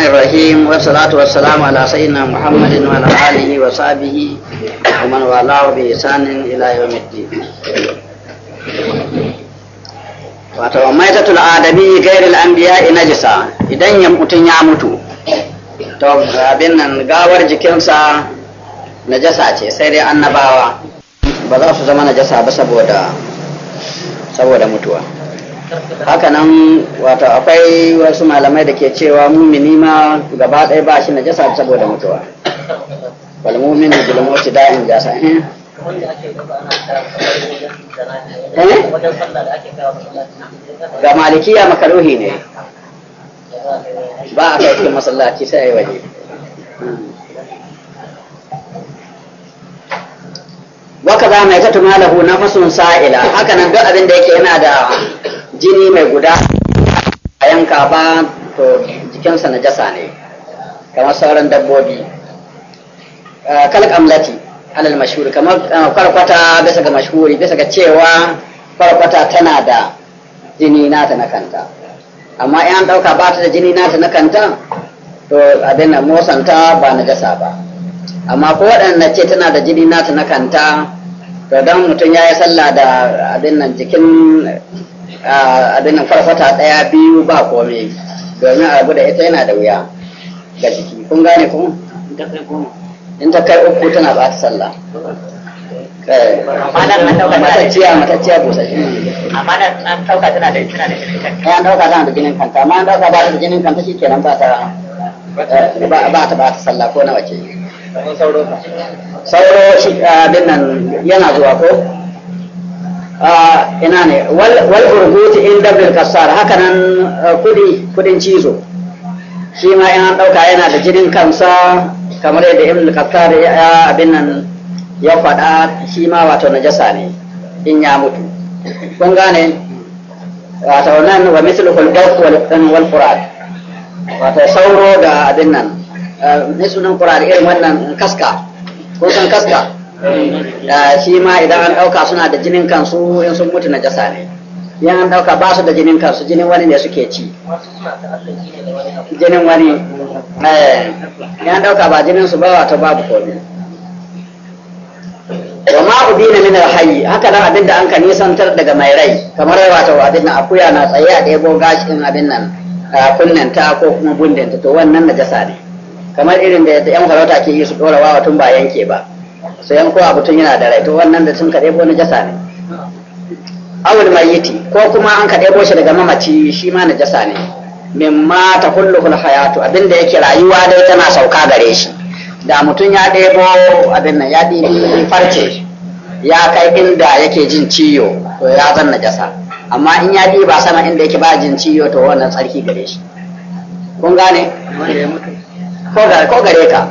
الرحمن الرحيم والصلاة والسلام على سيدنا محمد وعلى آله وصحبه ومن والاه بإحسان إلى يوم الدين wato maitatul gairil anbiya najisa idan ya mutun ya mutu to abin nan gawar jikinsa najasa ce sai dai annabawa ba za su zama najasa ba saboda saboda mutuwa hakanan wato akwai wasu malamai da ke cewa mumini ma gaba ɗaya ba shi najasa saboda mutuwa wal muminu bil mauti da'in jasa eh? eh ga malikiya makaruhi ne ba a kai cikin masallaci sai yi waje wa za mai ta tumalahu na fasun sa'ila hakanan duk abin da yake yana da jini mai guda a yanka ba to jikinsa na jasa ne kamar sauran dabbobi ah, kalkamlati alal mashhur kamar ah, kwarkwata bisa ga mashhuri bisa ga cewa kwarkwata tana da jini nata na kanta amma in an ɗauka ba ta da jini nata na kanta to abin motsan'ta ba na jasa ba amma ko waɗanda ce tana da jini nata na kanta to don mutum ya yi sallah da abin nan jikin abin nan farfata ɗaya biyu ba komai domin a rabu da ita yana da wuya ga jiki kun gane kuma in ta kai uku tana ba ta sallah matacciya matacciya busa shi amma an ɗauka tana da tana da jinin kanta eh, an ɗauka tana da jinin kanta amma an ɗauka ba ta da ginin kanta shi kenan ba ta eh, ba ta ba ta sallah ko na wace. sauro shi abin nan yana zuwa ko Ah, ina ne wal urgut in dabil kasar haka nan ah, kudi kudin cizo shi ma in an dauka yana da jirin kansa kamar yadda ibn al-kasar ya abin nan ya faɗa shi ma wato najasa ne in ya mutu kun gane wato nan wa mithlu kul dawf wal wal qur'an wato sauro da abin nan ah, misunan qur'an irin wannan kaska ko san kaska Eh, shi ma idan an ɗauka suna da jinin kansu in sun mutu na jasa ne yan an ɗauka ba su da jinin kansu jinin wani ne suke ci jinin wani yan eh, ɗauka ba jinin su ba wato babu komai wa ma ubina min alhayy haka nan abin da an ka nisantar daga mai rai kamar wato abin nan akuya na tsaye a ɗebo din abin nan ta ko kuma bundanta, to wannan najasa ne kamar irin da yan farauta ke yi su ɗora wa tun ba yanke ba su yanko a mutum yana da rai to wannan da sun kaɗe ko jasa ne awul mayyiti ko kuma an kaɗe ko shi daga mamaci shi ma jasa ne Min ma ta kulluhul hayatu abinda yake rayuwa dai tana sauka gare shi da mutum ya ɗebo abin nan ya ɗibi farce ya kai inda yake jin ciyo to ya zanna jasa. amma in ya ɗiba sama inda yake ba jin ciyo to wannan tsarki gare shi kun gane ko gare ka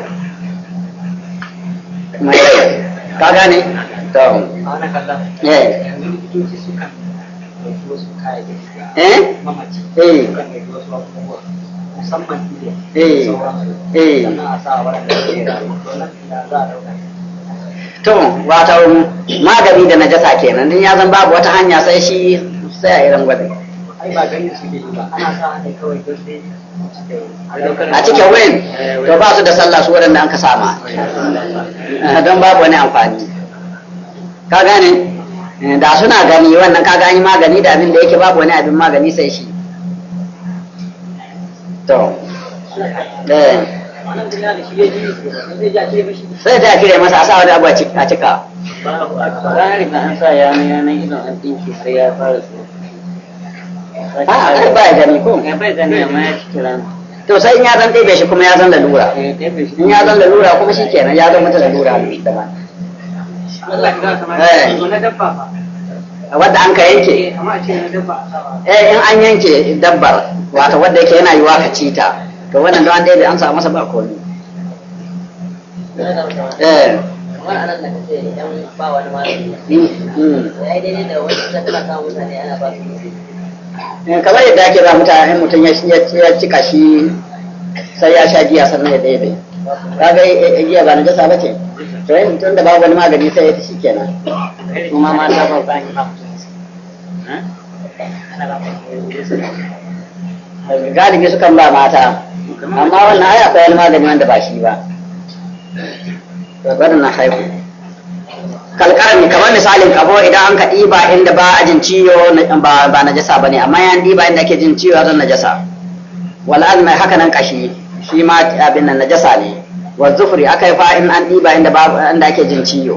ka gane to eh eh, eh? eh. eh. to wato magani da najasa kenan din ya zan babu wata hanya sai shi sai a irin gwada ba ganin suke yi ba ana sa haka kawai don sai a cikin eh, wayan to ba su da sallah su waɗanda an ka sama eh, don babu wani amfani ka gane eh, da suna gani wannan ka gani magani da abin da yake babu wani abin magani sai shi to sai da kire masa a sa wani abu a cika ranar da an sa yanayi yanar idon an ɗinki sai ya fara tsoro Ah, a ba ya gani ko ba sai in ya zan tebe shi kuma ya zan lalura eh, in ya zan lalura kuma shi kenan ya zan mata lalura eh. daban wadda an ka yanke eh, in an yanke dabbar wato wadda yake yana yiwa ka ci ta to wannan an an samu masa ba ne. Hmm, hmm. ya yi daidai Eh, kamar yadda ake ba mutane mutum ya cika shi sai ya sha giya sannan ya daidai kaga eh, eh, giya ba na jasa ba ce to yin mutum da babu wani magani sai ya ta kenan kuma ma ta bauta ne ba galibi sukan ba mata amma wannan ai akwai wani magani wanda ba shi ba wadda na haihu kalkarami kamar misalin kabo idan an ka ɗiba inda ba a jin ciwo ba na ba ne amma yan ɗiba inda ake jin ciwo zan jasa, wal'al mai haka nan kashi shi ma abin nan na jasa ne wa zufri aka yi fa'in an ɗiba inda inda ake jin ciwo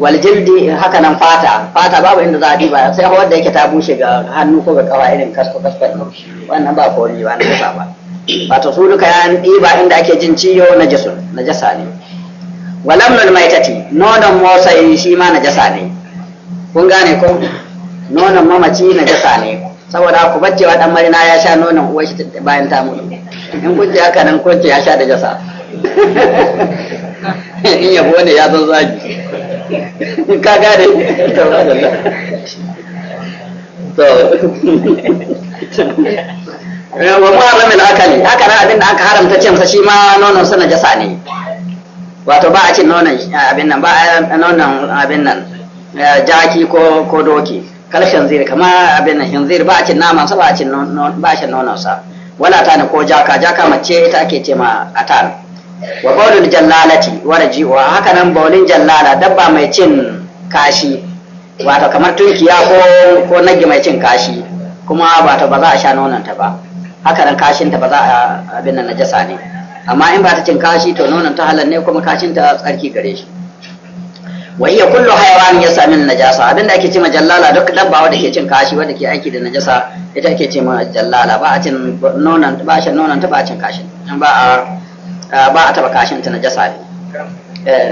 wal jildi haka nan fata fata babu inda za a ɗiba sai wanda yake ta bushe ga hannu ko ga kafa irin kasko kasko wannan ba ne ba na jasa ba wato su duka yan ɗiba inda ake jin ciwo na jasa ne wa lamnul maitati nonon motsai eh, shi ma najasa ne kun gane ko nonon mamaci najasa ne saboda ku wa dan marina ya sha nonon uwar shi bayan ta mutu in kun ji haka nan kun ce ya sha da jasa in yabo ne ya zo zagi ka gane to eh, wa muharramin akali haka nan abinda aka haramta cin sa shi ma nonon sa jasa ne wato ba a cin nonon abin nan ba a nonon abin nan eh, jaki ko ko doki kal shanzir kama abin nan shanzir ba a cin naman sa ba a cin ba shi nonon sa wala ta ne ko jaka jaka mace ita ake ce ma atar wa bawlul jallalati wa raji'uha haka nan bawlin jallala dabba mai cin kashi wato kamar tunkiya ko ko nagi mai cin kashi kuma wato ba za a sha nonon ta ba haka nan kashin ta ba za a abin nan najasa ne amma in ba ta cin kashi to nonon ta halal ne kuma kashin ta tsarki gare shi wa iya kullu hayawan ya sami najasa abin da ake cewa jallala duk dabba wanda ke cin kashi wanda ke aiki da najasa ita ake cewa jallala ba a cin nonon ba shi nonon ta ba a cin kashin in ba a ba a taba kashin ta najasa ne eh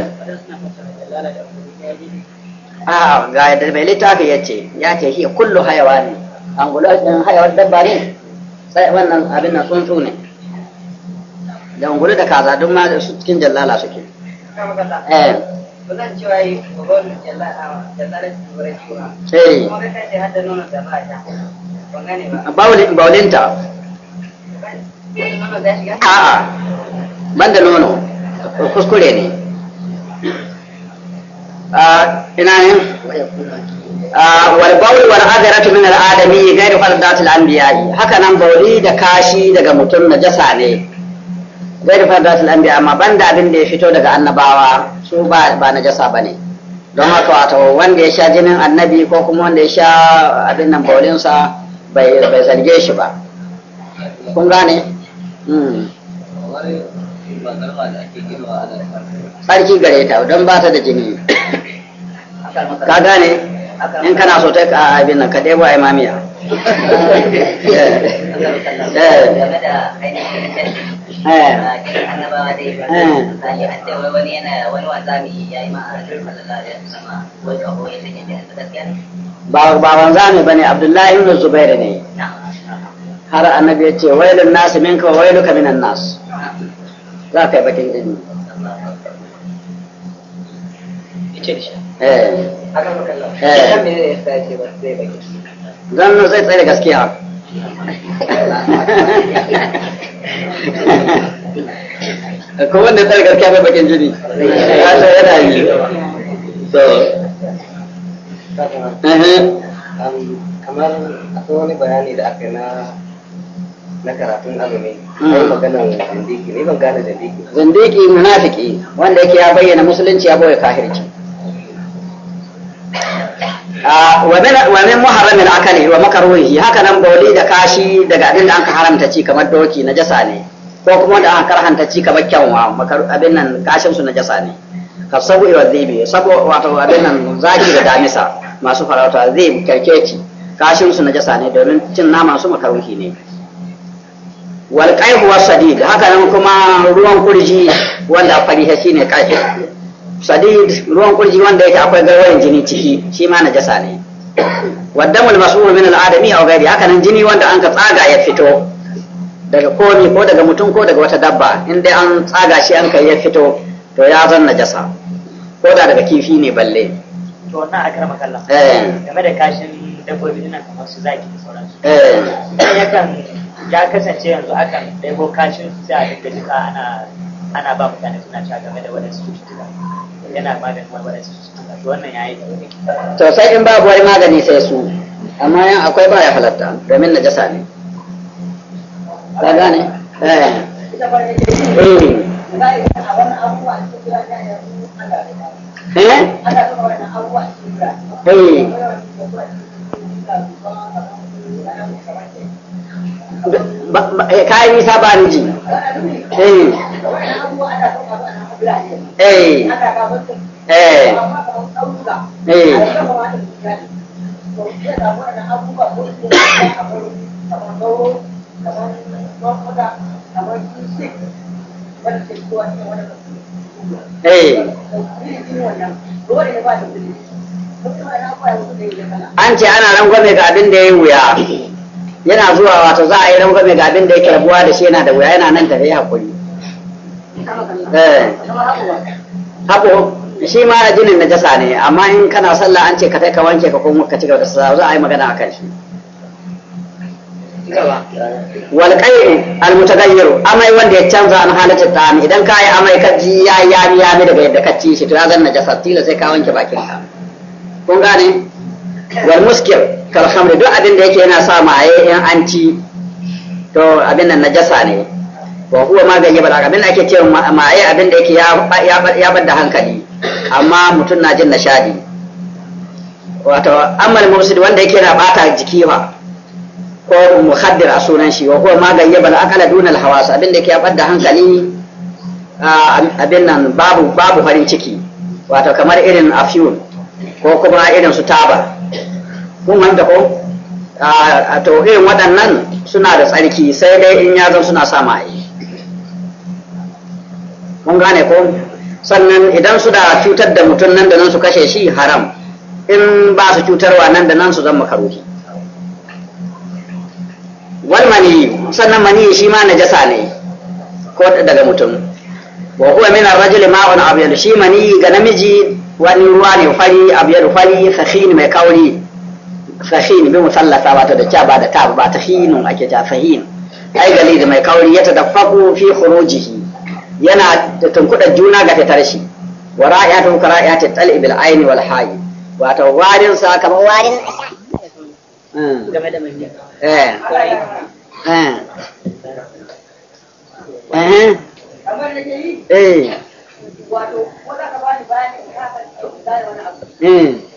a ga yadda bai littafi yace ya ce hiya kullu hayawan gulo hayawan dabba ne sai wannan abin nan tsuntsu ne da ungulu da kaza duk ma su cikin jallala suke eh bazan cewa yi babban jallala jallala turai cewa eh kuma kace hadda nono da ba ta ban gane ba baulin baulinta a'a ban da nono kuskure ne a ina yin wal bawl wal adaratu min al adami ghayr al anbiya haka nan bauli da kashi daga mutum najasa ne bai da fardatul anbiya amma da abin da ya fito daga annabawa su ba ba ne. don haka wato wanda ya sha jinin annabi ko kuma wanda ya sha abin nan baulinsa bai bai zarge shi ba kun gane Sarki gare ta don ba ta da jini ka gane in kana so ta ka abin nan ka ɗebo a imamiya baban zane bane abdullahi ibn zubairu ne har annabi ya ce wailun nasu minka wa wailuka minan nasu za ka yi bakin jini don zai tsaye gaskiya ko wanda ta riga mai bakin jini hasa yana yi so uh-huh. um, kamar akwai wani bayani da aka na na karatun azumi ne hmm. maganan zindiki ne ban gane zandiki zandiki munafiki wanda yake ya bayyana musulunci ya boye kafirci Ah, wa min muharramin akali wa makruhi haka nan bauli da kashi daga abin da anka haramta ci kamar doki na jasa ne ko kuma da anka karhanta ci kamar kyanwa abin nan kashin su na jasa ne ka wa zibi sabu wato abin nan zaki da damisa masu farauta zai kerkeci kashin su na jasa ne domin cin nama su makaruhi ne wal qaihu wasadid haka nan kuma ruwan kurji wanda fariha shine qaihu sadid ruwan kurji wanda yake akwai garwayin jini ciki shi ma na jasa ne waddamul masu'ul min al'adami aw ghairi haka nan jini wanda an ka tsaga ya fito daga komi ko daga mutum ko daga wata dabba in dai an tsaga shi an kai ya fito to ya zan jasa. ko da daga kifi ne balle to wannan a karama kallon eh. game da kashin dabbobi nan kamar su zaki da sauransu eh yakan ya kasance yanzu akan ɗaibo kashin sai a dinga jika ana ana ba mutane suna sha game da waɗansu cututtuka yana maganin waɗansu cututtuka to wannan yayi da wani to sai in babu wani magani sai su amma yan akwai ba ya halatta domin jasa ne ka gane eh eh eh, eh. Eh, kayan nisa ba ni ji eh. Eh. an ce ana rangwame ga abin da ya yi wuya yana zuwa wato za a yi rangwame mai gabin da yake rabuwa da shi yana da wuya yana nan tafi hakuri eh. haƙo shi ma jinin najasa ne amma in kana sallah an ce ka kai ka wanke ka kuma ka ci gaba da sallah za a yi magana akan shi wal qayr al mutaghayyir amai wanda ya canza an halatta ta idan ka yi amai ka ji ya ya mi daga yadda ka ci shi to ya zan jasa tila sai ka wanke bakin ka kun gane wal muskil kalhamri duk abin da yake yana sa maye in an to abin nan najasa ne wa huwa magani ba bala abin da ake ce maye abin da yake ya bar da hankali amma mutum na jin nishadi wato amal mursid wanda yake na bata jiki ba ko muhaddir a sunan shi wa huwa magani ba bala akala dunal hawas abin da yake ya bar da hankali abin nan babu babu farin ciki wato kamar irin afiyun ko kuma irin su taba kun wanda ko a to irin waɗannan suna da tsarki sai dai in ya zan suna sa maye kun gane ko sannan idan su da cutar da mutum nan da nan su kashe shi haram in ba su cutarwa nan da nan su zama karuhi wal mani sannan mani shi ma najasa ne ko daga mutum wa huwa min ar-rajul ma'un abyad shi mani ga namiji wani ruwa ne fari abyad fari fakhin mai kauri sahin bi musallasa wato da ca ba da ta ba ta hinun ake ja sahin ai gali da mai kauri ya tadaffaku fi khurujihi yana da tunkuda juna ga fitar shi wa ra'ayatu ka ra'ayati tal'i bil aini wal hayi wato warin sa kamar warin hmm. game da mai eh eh eh eh wato wanda ka bani bani ka ka wani abu hmm.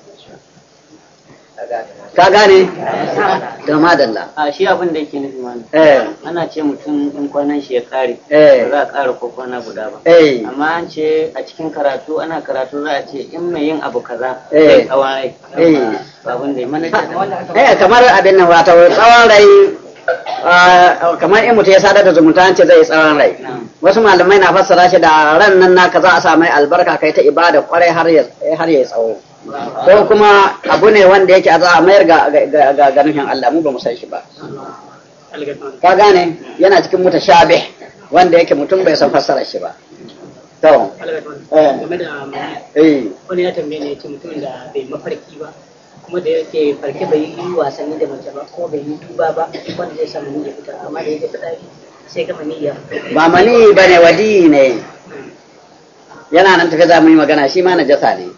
ka gane da madalla a shi abin da yake nufi mana eh. ana ce mutum in kwanan shi ya kare ba eh. za a kara ko kwana guda ba eh. amma an ce a cikin karatu ana karatu za a ce in mai yin abu kaza eh tsawon rai babin da mana ce kamar abin nan wato tsawon rai kamar in mutum ya sadar da zumunta ce zai tsawon rai wasu malamai na fassara shi da ran nan naka za a sami albarka kai ta ibada kwarai har ya tsawo ko kuma abu ne wanda yake a za a mayar ga ganin Allah mu ba mu san shi ba ka gane yana cikin shabe wanda yake mutum bai san fassara shi ba to eh. Eh. wani ya tambaye ne yake mutum da bai mafarki ba kuma da yake farke bai yi wasanni da mace ba ko bai yi tuba ba wanda zai samu ni fita amma da yake fita sai ga mani ya ba mani bane wadi ne yana nan tafi za mu yi magana shi ma najasa ne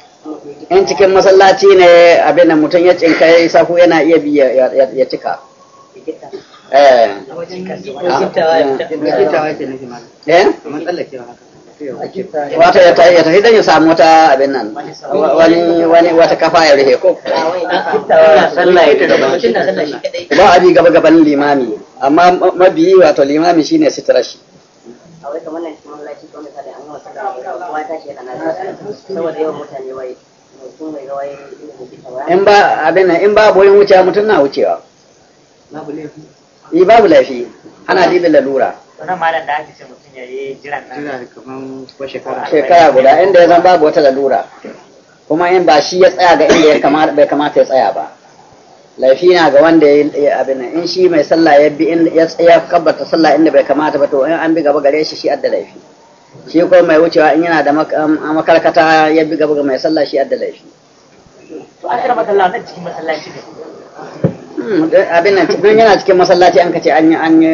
in cikin masallaci ne abin da mutum ya cinka ya sahu yana iya bi ya cika eh. Eh? wata ya tafi ya tafi dan ya samu wata abin nan wani wani wata kafa ya rihe ko ba abi gaba gaban limami amma mabiyi wato limami shine sitarashi. aure ya in ba abin nan ba na wucewa babu laifi babu laifi ana dibin lalura wannan malam da ake mutum ya yi jiran nan kamar shekara shekara guda inda ya zan babu wata lalura kuma in ba shi ya tsaya ga inda ya kamata ya tsaya ba laifi na ga wanda ya abin in shi mai sallah ya bi ya tsaya kabbata sallah inda bai kamata ba to in an bi gaba gare shi shi adda laifi shi ko mai wucewa in yana da um, makarkata ya bi gaba ga mai sallah shi adda laifi to an karba sallah na cikin masallaci hmm, abin nan don yana cikin masallaci an kace an yi an yi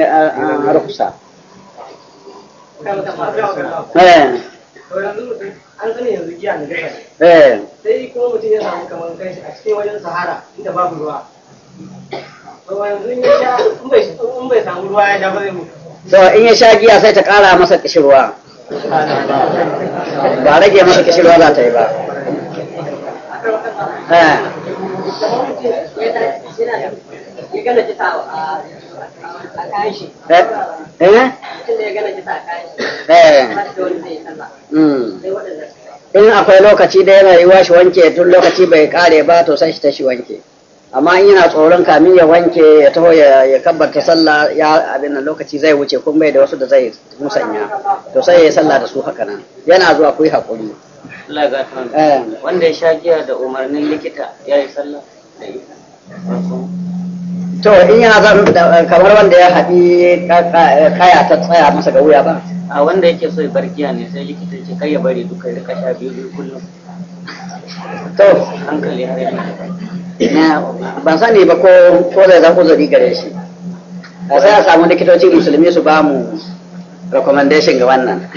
rukusa eh an zane yanzu giya na gaba eh. sai kuma mutum ya samu kamar kanshi a cikin wajen sahara inda babu ruwa so in ya sha giya sai ta ƙara masa kishirwa ba rage masa kishirwa za ta yi ba eh. Eh. Eh? Hmm. in akwai lokaci da yana yi wa shi wanke tun lokaci bai kare ba to sai shi ta shi wanke amma in yana tsoron kamin ya wanke ya taho ya kabbarta sallah ya abin nan lokaci zai wuce kuma bai da wasu da zai musanya to sai ya yi sallah da su haka nan yana zuwa ku yi haƙuri eh. wanda ya sha giya da umarnin likita ya yi sallah da to in yana zan kamar wanda ya haɗi kaya ta tsaya masa ga wuya ba a wanda yake so ya bar giya ne sai likita ce kai ya bari duka da kasha biyu biyu kullum to hankali har ban sani ba ko ko zai zan uzuri gare shi a sai a samu likitocin musulmi su ba mu recommendation ga wannan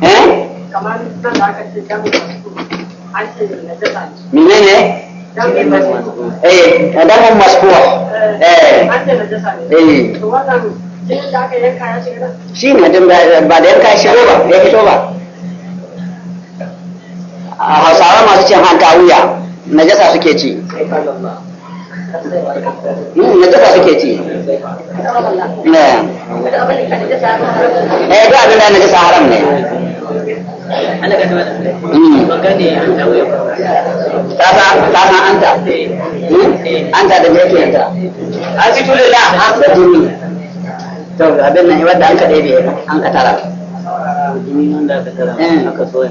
eh kamar mine ne eh da mun maskuwa eh an ce ne eh to wannan eh. eh. shi ne da ba da yanka shi ba ya fito ba hausawa masu cin hanta wuya najasa suke ci hmm, najasa suke ci eh. eh duk abin da najasa haram ne hmm. Tasa tasa anta. Hmm? Anta da me yake anta? An ci tuli da an da jini. To abin nan wadda an ka ɗebe an ka tara. Jini wanda ka tara eh. an ka soya.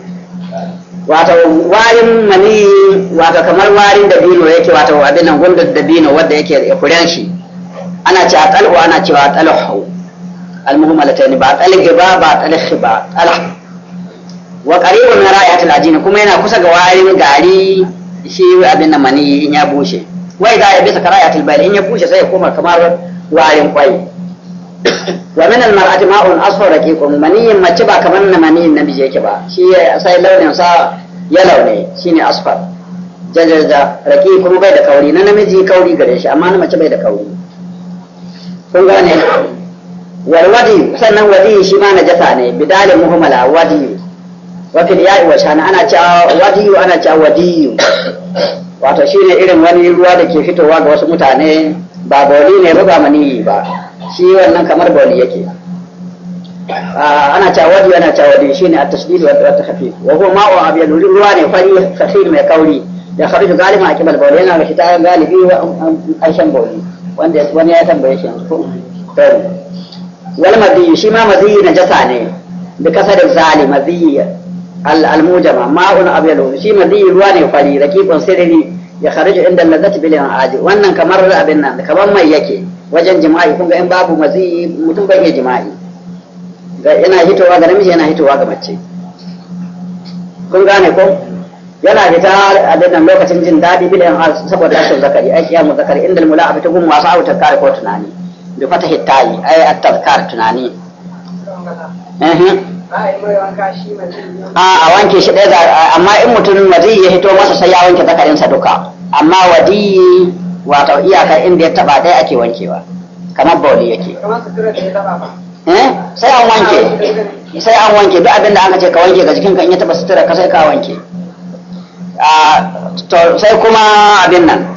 wato warin mani wato kamar warin dabino yake wato abin nan gundar dabino wanda yake kuren shi ana ce a talhu ana cewa talhu alatani ba talhu ba ba talhu ba talh wa qaribun min ra'ayat alajin kuma yana kusa ga warin gari shi abin nan mani in ya bushe wai da ya bisa ra'ayat bayl in ya bushe sai ya koma kamar warin kwai wa min almar'ati ma'un asfar raqiqun maniyin mace ba kamar na maniyin namiji yake ba sai launin sa ya shine asfar jajaja raqiqun bai da kauri na namiji kauri gare shi amma na bai da kauri kun gane walwadi sannan wadi shi ma najasa ne bidalin muhammala wadi wa fil ya'i wa ana cewa wadi ana cewa wadi wato shine irin wani ruwa da ke fitowa ga wasu mutane ba boli ne ba ba maniyi ba shi wannan kamar bauli yake ah, ana cawadi ana cawadi shine at-tashdid wa at-takhfif wa huwa ma'u abyad ruwa ne fari khatir mai kauri da khariju galiba a kibal bauli yana fita galibi wa aishan bauli wanda wani ya tambaye shi ko wal madi shi ma madi najasa ne da kasar zali madi al-mujama ma'un abyad shi madi ruwa ne fari raqiqun sirri ya kharaju inda lazzati bil aji wannan kamar abin nan kamar mai yake wajen jima'i kun ga in babu mazi mutum bai iya jima'i ga yana hitowa ga namiji yana hitowa ga mace kun gane ko yana fita abin nan lokacin jin daɗi bil aji saboda rashin zakari ai kiyamu zakari inda mula'abatu gum wasu auta kai ko tunani bi fatahi tayi ai at-tazkar tunani eh a wanke shi ɗaya amma in mutum wadi ya hito masa sai ya wanke zakarinsa duka amma wadi wato iyakar inda ya taba ɗaya ake wankewa kamar bauli yake eh sai an wanke sai an wanke duk abin da aka ce ka wanke ga jikinka in ya taba sutura ka sai ka wanke sai kuma abin nan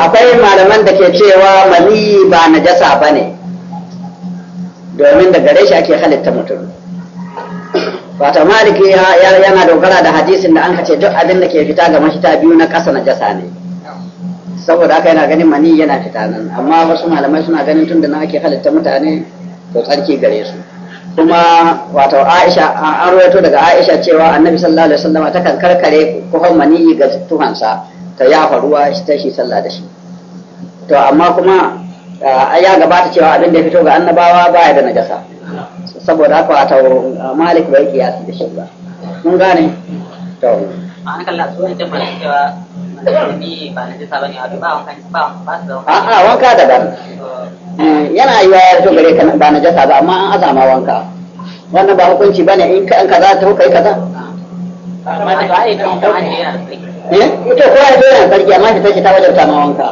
akwai malaman da ke cewa mali ba najasa ba ne domin da gare shi ake halitta mutum wata maliki yana dogara da hadisin da an kace duk abin da ke fita ga mashita biyu na ƙasa na jasa ne saboda haka yana ganin mani yana fita nan amma wasu malamai suna ganin tun da na ake halitta mutane to tsarki gare su kuma wato aisha an rawaito daga aisha cewa annabi sallallahu alaihi wasallama ta kan karkare kuhon mani ga tuhansa ta yafa ruwa ta shi sallah da shi to amma kuma Ah, ya gabata cewa abin da ya fito ga annabawa ba ya da najasa saboda haka a ah, Malik malik yake kiyasi da shi ba mun gane to an kalla su wani tabbata cewa ni ba najasa bane wato ba wanka ba ba su da wanka a wanka eh, yana yiwa ya fito gare ka ba jisa ba amma an azama wanka wannan ba hukunci bane in ka kaza ta kai kaza amma da ba ai kan kan ne eh ita ko ai sarki amma ta ce ta wajabta ma wanka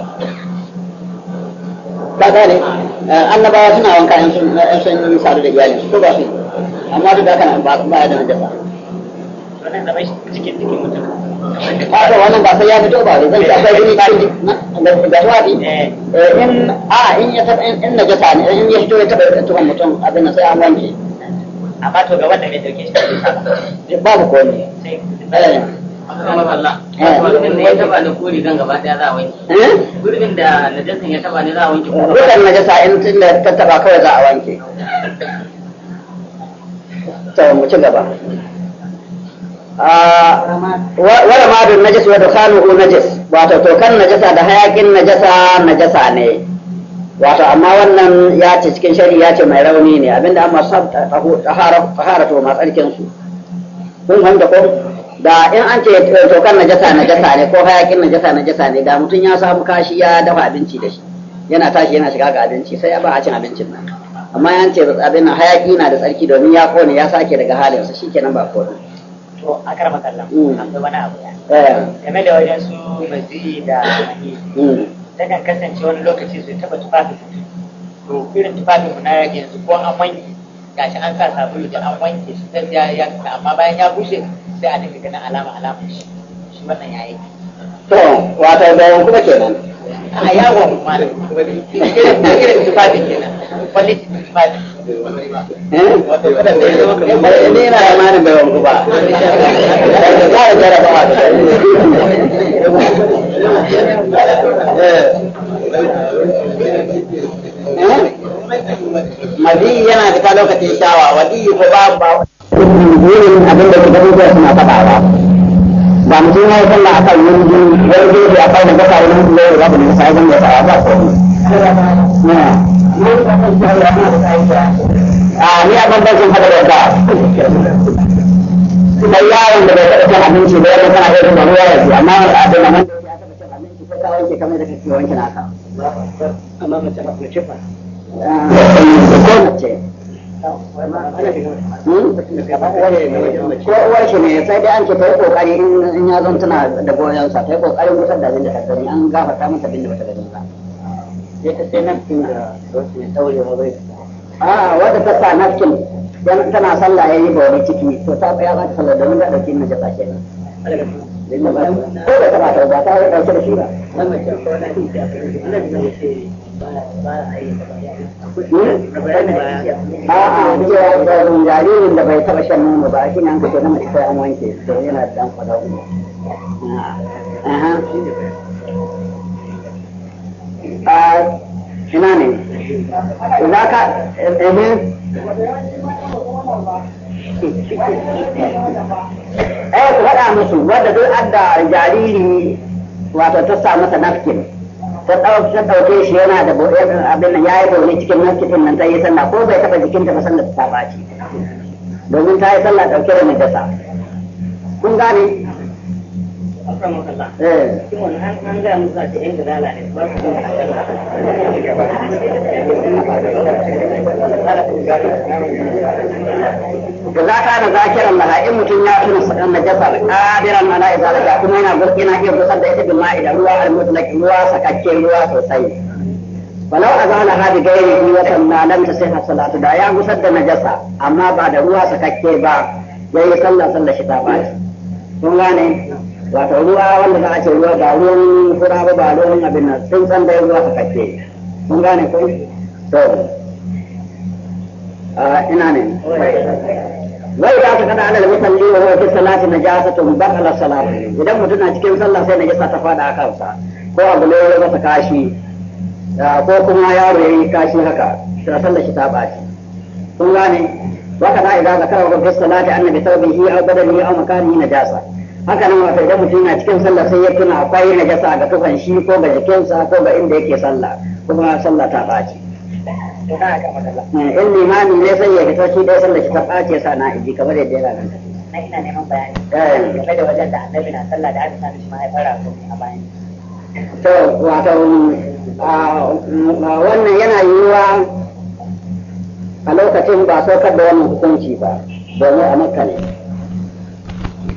ba gane eh, annabawa suna wanka in sun eh, da ko ba su amma duk da haka ba ba da najasa wannan ba sai ya fito ba zai gini da eh. in a in ya in najasa ne in ya fito ya taba tuwan mutum abin sai an wanke amma to ga wanda bai dauke shi babu ko ne Eh. gurbin ya taba da kori gan gaba daya za a wanke eh? gurbin da najasan ya taba ne za a wanke gurbin najasa in tun da ta taba kawai za a wanke to mu ci gaba ah, wala madun najis wa dukhanuhu najis wato tokan najasa da hayakin najasa najasa ne wato amma wannan ya ce cikin shari'a ya ce mai rauni ne abinda amma sab tahara tahara to ma tsarkin su kun wanda ko da in an ce tokan najasa najasa ne ko hayakin najasa najasa ne da mutum ya samu kashi ya dafa abinci da shi yana tashi yana shiga ga abinci sai ya ba a cin abincin nan amma ya ce abin nan hayaki na da tsarki domin ya kone ya sake daga halinsa shikenan ba kone to a karma kallon akwai mm. wani abu ya eh. game da wajen su mazi da mahi mm. takan kasance wani lokaci su taba tufafi to irin tufafin mu na yanzu ko an wanki gashi an sa sabulu da an wanke shi sai ya ya amma bayan ya bushe sai a dinga ganin alama alama shi shi wannan ya yi to wato bayan kuma kenan a yawon malam ne yana da malam bayan kuma da za a da madi yana fita lokacin shawa wadi ko ba ba wurin abin da kuma zuwa suna faɗawa ba mu sallah akan wani gefe a kan da wani mutum yayi babu ne zan ba ko a ni a bambancin da ta sai yaron da bai taɓa cin abinci ba kana da ruwa amma da ya taɓa cin abinci ko wanke kamar da wanke amma mace ba ba ko uwar shi ne sai dai an ce ta yi kokari in ya tana da goyonsa ta yi kokarin wutar da abin da an gafarta mata da bata gani ba sai ta sai nafkin da wasu ne ma bai a wadda ta sa nafkin tana sallah yayi ba wani ciki to ta tsaya ba ta sallah domin da dauki na jaba ko da ta ba ta ba ta da shi ba Hmm? A'a, jaririn da bai taba shan nono ba shi ne an kace nama isa an wanke to yana da dan kwada uku. A ina ne? Za ka Eh, ku eh, eh, faɗa musu wadda duk adda jariri wato ta sa masa nafkin. ta ɗauke shi yana da eh, abin nan ya yi bole cikin masjidin nan ta yi sallah ko bai taɓa jikinta ba da ta ce domin ta yi sallah ɗauke da najasa kun gane akan eh. da za ka da zakiran in mutum ya tuna sakan najasa kadiran ala izalaka kuma yana iya gusar da ita bin ma'ida ruwa al-mutlaq ruwa sakakke ruwa sosai walau a zana hadi gairi watan na lam tasihha da ya gusar da najasa amma ba da ruwa sakakke ba yayi sallah sallah shi ta ba kun gane wato ruwa wanda za a ce ruwa ba ruwan kura ba ba ruwan abin nan sun san da ruwa ce mun gane ko to ina ne wai da aka kada alal musalli wa huwa fi salati najasatun bakala salati idan mutum na cikin sallah sai najasa ta fada a kansa ko abu ne ya masa kashi ko kuma yaro yi kashi haka sai sallar shi ta baci kun gane وكذا إذا ذكره في الصلاة أن بثوبه أو بدنه أو na jasa. haka nan wata idan mutum na cikin sallah sai ya tuna akwai jasa ga tufan shi ko ga jikinsa ko ga inda yake sallah kuma sallah ta ɓaci eh, in limami ne sai ya fito shi ɗaya sallah shi ta ɓace sa na iji kamar yadda yana nan na ina neman bayani eh. game da wajen da annabi na sallah da aka sami shi ma ya fara a bayan to wato wannan yana yiwuwa a lokacin ba saukar da wannan hukunci ba domin a makka ne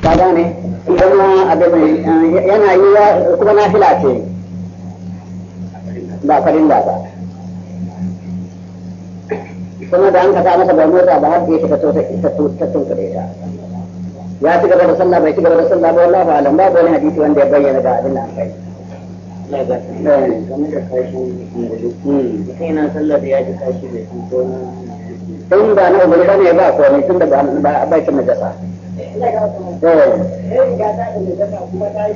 ka gane kuma abin yana yi kuma na fila ce ba farin da ba kuma da an kasa masa bai mota ba har da ya ta tattun kuɗe ta ya ci gaba da sallah bai ci gaba da sallah ba wallahi alam ba wani hadisi wanda ya bayyana ga abin da an kai game da na tun ba ne ba komai tun da ba ba cin Eh wato abin da in ka wanke kuma ka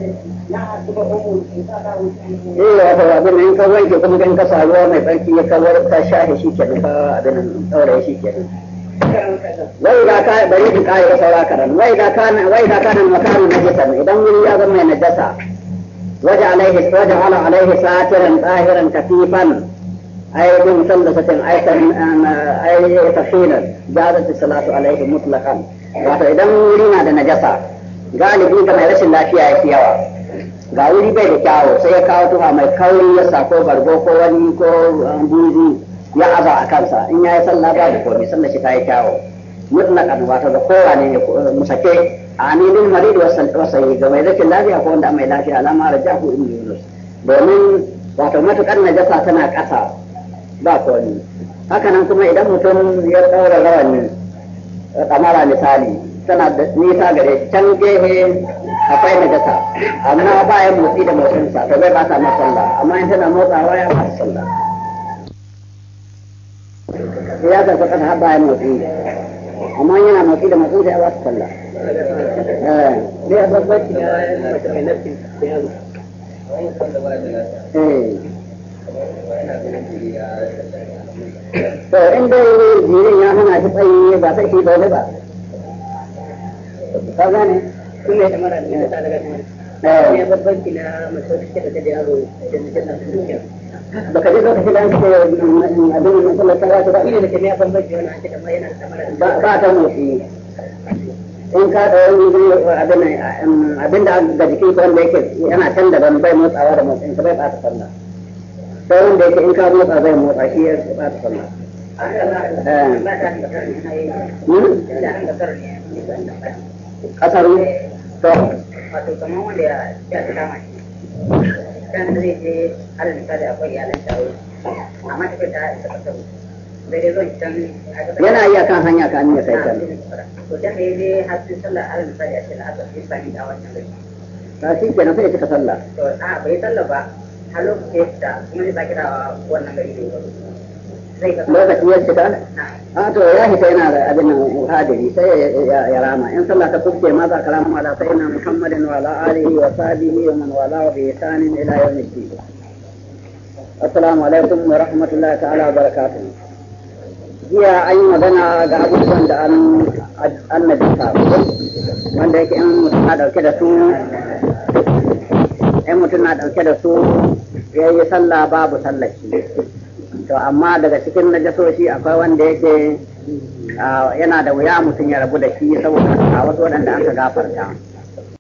mai tsarki ya kawar ka shi abin ɗaure shi Wai da ka bari da saura karan wai da ka wai ka makarin najasa idan wuri ya zama mai najasa waje alaihi waje ala alaihi satiran tsahiran kafifan أي دون ثلثة أي أي تفصيلا جازت الصلاة عليه مطلقا wato idan wuri na da najasa galibi ga mai rashin lafiya ya yawa ga wuri bai da kyawo sai ya kawo tuha mai kauri ya sa ko bargo ko wani ko buzi ya aza a kansa in ya yi sallah ba komai sallah shi ta yi kyawo mutlakan wato da kowa ne musake a nilin marid wasayi ga mai rashin lafiya ko wanda mai lafiya alama rajahu ibn yunus domin wato matukar najasa tana ƙasa ba komi haka nan kuma idan mutum ya ɗaura rawanin kamara misali tana da nisa gare can gehe akwai najasa amma ba ya motsi da motsinsa to bai ba ta masalla amma in tana motsawa ya ba sallah ya ga ba ya motsi amma yana motsi da motsi da ya ba sallah ne eh, ya ya na ya to in dai jirin ya hana shi tsayi ba sai shi dole ba ka gane kun mai ne ta daga ne babban da yaro da na da da da abin da kuma tsara ta ba da kamar da ba ba in ka da wani abin da ga jikin yake yana can daban bai motsawa da motsin ka bai ba ta sannan sai da yake in ka motsa zai motsa shi ya ba ta sallah eh. kasaru to wato kamar wanda ya kama shi kan zai je alal misali akwai shawo amma ta ta yana iya kan hanya ka ya kai kan to dan da sallar a da shi kenan sai ya cika sallah to a bai sallah ba ما لا كان؟ أتو يا هي سينا أبن مهاجري سي يا يا راما إن صلى تكوت ماذا كلام على سيدنا محمد وعلى آله وصحبه ومن والاه بإحسان إلى يوم الدين. السلام عليكم ورحمة الله تعالى وبركاته. يا أي مدنا قابل عند أن أن نجحها. من ذلك أن هذا كده سوء in mutum na ɗauke da su ya yi sallah babu sallah shi to amma daga cikin najasoshi akwai wanda yake ah, yana da wuya mutum ya rabu da shi saboda a wasu waɗanda aka gafarta